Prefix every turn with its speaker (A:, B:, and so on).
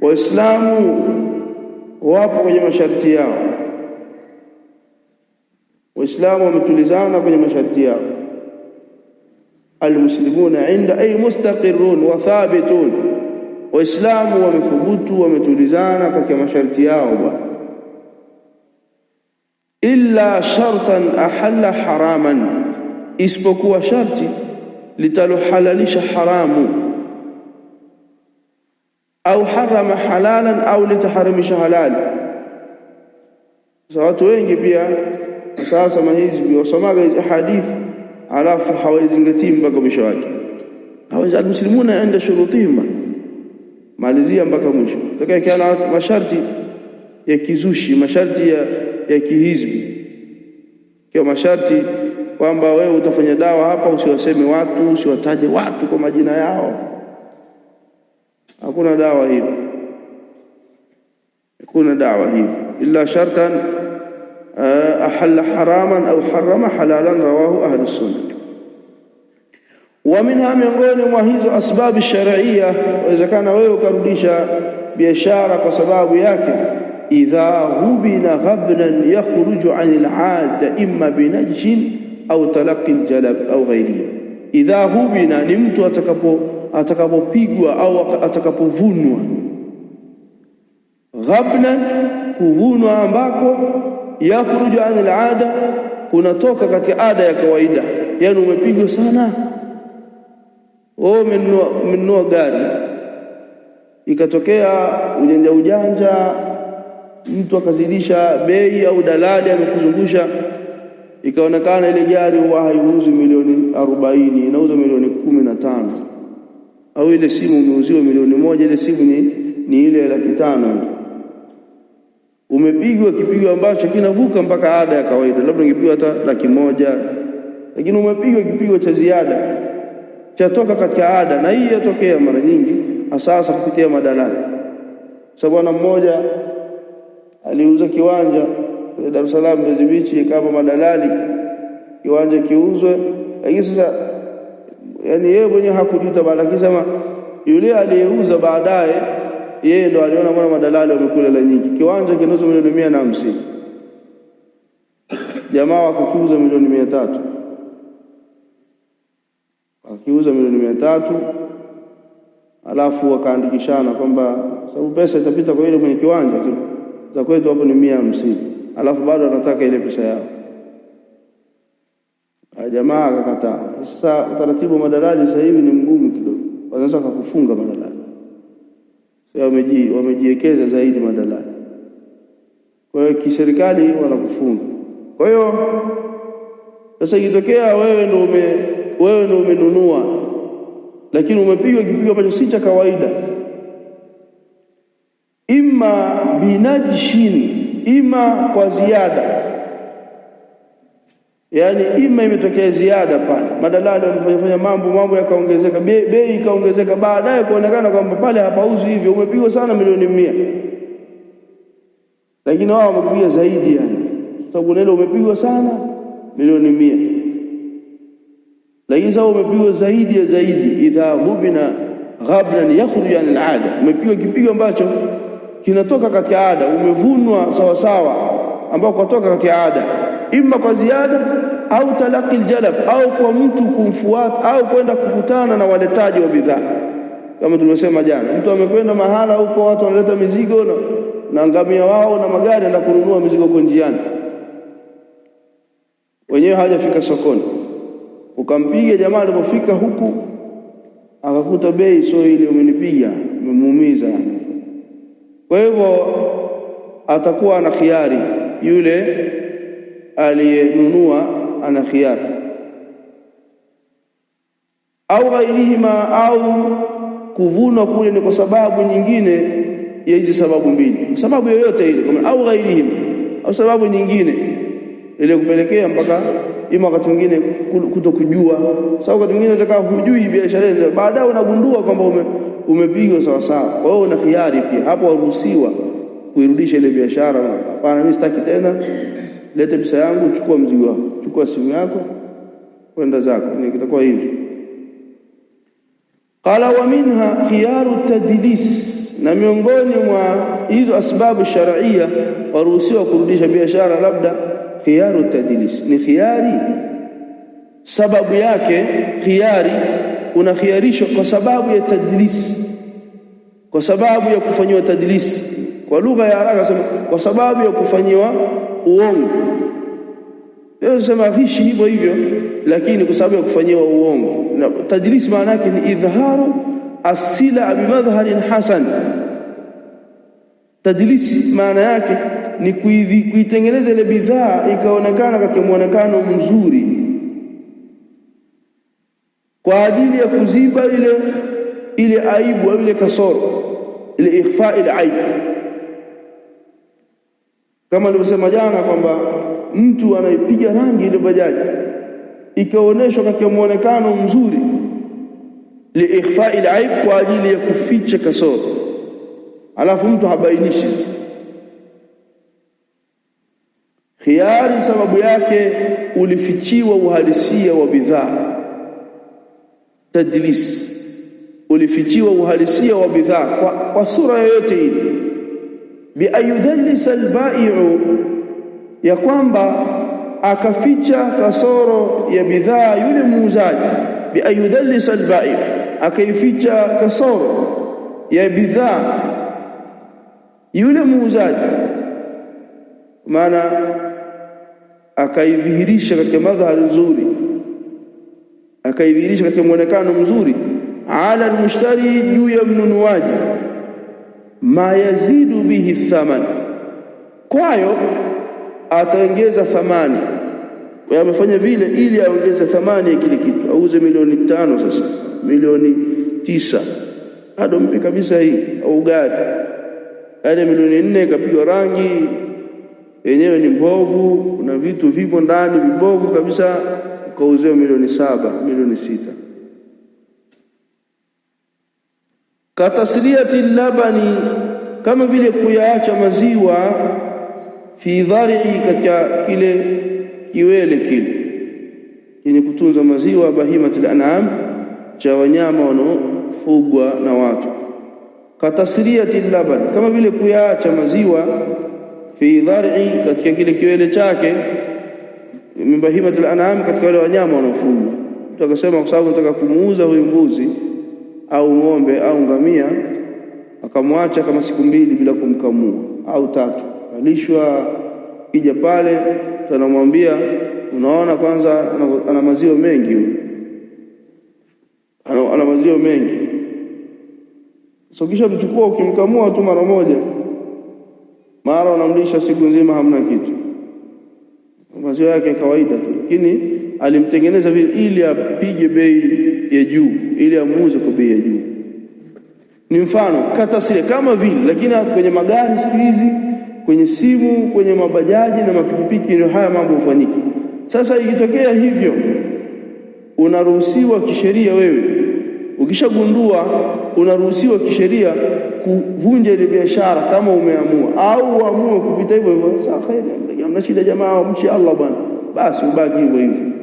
A: Waislamu wapo kwenye masharti yao, Waislamu wametulizana kwenye masharti yao. Almuslimuna inda ay mustaqirun wa thabitun, Waislamu wamefubutu wametulizana katika masharti yao bwana. Illa shartan ahalla haraman, isipokuwa sharti litalohalalisha haramu au harama halalan au litaharimisha halali. Sasa watu wengi pia sasa mahizi wasomaga hizi hadithi alafu hawazingatii mpaka mwisho wake. Hawezi almuslimuna inda shurutihim, malizia mpaka mwisho. Takaekana masharti ya kizushi, masharti ya, ya kihizbi, kio masharti kwamba wewe utafanya dawa hapa, usiwaseme watu, usiwataje watu kwa majina yao hakuna dawa hiyo, hakuna dawa hiyo illa shartan ahalla haraman au harama halalan, rawahu ahlu sunna. Wa minha, miongoni mwa hizo asbabu sharia, wawezekana wewe ukarudisha biashara kwa sababu yake idha hubina ghabnan yakhruju an al-aada imma binajshin au talaqi al-jalab au ghairihi. Idha hubina, ni mtu atakapo atakapopigwa au atakapovunwa. ghabna kuvunwa ambako yakhruju an alada, kunatoka katika ada ya kawaida. Yani umepigwa sana, wewe oh, umenunua gari, ikatokea ujanja ujanja, mtu akazidisha bei au dalali amekuzungusha ikaonekana ile gari huwa haiuzi milioni arobaini inauza milioni kumi na tano au ile simu umeuziwa milioni moja, ile simu ni, ni ile laki tano. Umepigwa kipigo ambacho kinavuka mpaka ada ya kawaida, labda ungepigwa hata laki moja, lakini umepigwa kipigo cha ziada chatoka katika ada, na hii yatokea mara nyingi, hasa kupitia madalali. sababu bwana mmoja aliuza kiwanja Dar es Salaam Mbezi Beach, madalali kiwanja kiuzwe, lakini sasa yani yeye mwenyewe hakujuta, bali akisema yule aliyeuza baadaye, yeye ndo aliona mbona madalali wamekula la nyingi. Kiwanja kinauzwa milioni mia na hamsini, jamaa wakakiuza milioni mia tatu wakiuza milioni mia tatu alafu wakaandikishana kwamba sababu pesa itapita kwa ile kwenye kiwanja za kwetu hapo ni mia hamsini, alafu bado anataka ile pesa yao Ah, jamaa akakataa. Sasa utaratibu wa madalali sasa hivi ni mgumu kidogo, wanaweza kukufunga madalali. Sasa wamejiwekeza zaidi madalali, kwa hiyo kiserikali wanakufunga. Kwa hiyo sasa ikitokea wewe ndio ume wewe ndio umenunua, lakini umepigwa kipigo ambacho si cha kawaida, ima binajshin, ima kwa ziada yani ima imetokea ziada pale, madalali wamefanya mambo mambo yakaongezeka, bei ikaongezeka, baadaye kuonekana kwamba pale hapauzi hivyo, umepigwa sana milioni mia, lakini wao wamepiga zaidi, yani sababu nalo umepigwa sana milioni mia, lakini sasa umepigwa zaidi ya zaidi. Idha hubina ghabran yakhruju an alada, umepigwa kipigo ambacho kinatoka katika ada, umevunwa sawasawa ambao kwatoka katika ada imma kwa ziada au talaqi aljalab, au kwa mtu kumfuata au kwenda kukutana na waletaji wa bidhaa. Kama tulivyosema jana, mtu amekwenda mahala huko, watu wanaleta mizigo na, na ngamia wao na magari, na kununua mizigo kwa njiani, wenyewe hajafika sokoni, ukampiga jamaa alipofika huku akakuta bei sio ile, umenipiga umemuumiza. Kwa hivyo atakuwa na khiari yule aliyenunua ana khiara au ghairihima, au kuvunwa kule ni kwa sababu nyingine ya hizi sababu mbili, sababu yoyote ile, au ghairihima, au sababu nyingine ile kupelekea mpaka ima wakati mwingine kutokujua. Sababu wakati mwingine unaweza hujui biashara ile, baadaye unagundua kwamba umepigwa sawa sawa. Kwa hiyo una khiari pia hapo, waruhusiwa kuirudisha ile biashara. Hapana, mimi sitaki tena lete pesa yangu, chukua mzigo wako, chukua simu yako, kwenda zako. Ni kitakuwa hivi. Qala wa minha khiyaru tadlis, na miongoni mwa hizo asbabu sharia waruhusiwa kurudisha biashara, labda khiyaru tadlis ni khiyari, sababu yake khiyari, unakhiarishwa kwa sababu ya tadlis, kwa sababu ya kufanyiwa tadlis. Kwa lugha ya haraka kwa sababu ya kufanyiwa uongo. Sema hishi hivyo hivyo, lakini kwa sababu ya kufanyiwa uongo. Na tadlisi maana yake ni idhharu asila bimadhharin hasan. Tadlisi maana yake ni kuitengeneza ile bidhaa ikaonekana katika muonekano mzuri, kwa ajili ya kuziba ile ile aibu au ile kasoro, ile ikhfa ile aibu kama nilivyosema jana kwamba mtu anaipiga rangi ile bajaji ikaonyeshwa katika muonekano mzuri, liikhfai alaib, kwa ajili ya kuficha kasoro, alafu mtu habainishi. Khiari sababu yake ulifichiwa uhalisia wa bidhaa, tadlis, ulifichiwa uhalisia wa bidhaa kwa, kwa sura yoyote ile bi ayudhalisa albai'u, ya kwamba akaficha kasoro ya bidhaa yule muuzaji. Bi ayudhalisa albai'u, akaificha kasoro ya bidhaa yule muuzaji, maana akaidhihirisha katika madhari nzuri, akaidhihirisha katika mwonekano mzuri, ala almushtari, juu ya mnunuaji ma yazidu bihi thaman, kwayo ataongeza thamani. Kwa amefanya vile ili aongeze thamani ya kile kitu, auze milioni tano, sasa milioni tisa, bado mpe kabisa hii au gari ya yaani milioni nne ikapigwa rangi yenyewe ni mbovu, kuna vitu vipo ndani vibovu kabisa, ukauziwa milioni saba, milioni sita. katasliyati labani, kama vile kuyaacha maziwa, fi dhari'i, katika kile kiwele kile yenye kutunza maziwa, bahimatil an'am, cha wanyama wanaofugwa na watu. katasliyati laban, kama vile kuyaacha maziwa, fi dhari'i, katika kile kiwele chake, min bahimatil an'am, katika wale wanyama wanaofugwa. Tutakasema kwa sababu nataka kumuuza huyu mbuzi au ng'ombe au ngamia, akamwacha kama siku mbili bila kumkamua au tatu, alishwa kija pale, tunamwambia unaona, kwanza ana maziwa mengi huyu, ana maziwa mengi so, kisha mchukua ukimkamua tu mara moja, mara unamlisha siku nzima, hamna kitu, maziwa yake kawaida tu, lakini alimtengeneza vile ili apige bei ya juu, ili amuuze kwa bei ya juu. Ni mfano katasile kama vile, lakini kwenye magari siku hizi, kwenye simu, kwenye mabajaji na mapikipiki, ndio haya mambo hufanyiki. Sasa ikitokea hivyo, unaruhusiwa kisheria wewe, ukishagundua unaruhusiwa kisheria kuvunja ile biashara kama umeamua, au uamue kupita hivyo hivyo, sasa kheri, hamna shida jamaa, mshi Allah bwana, basi ubaki hivyo hivyo.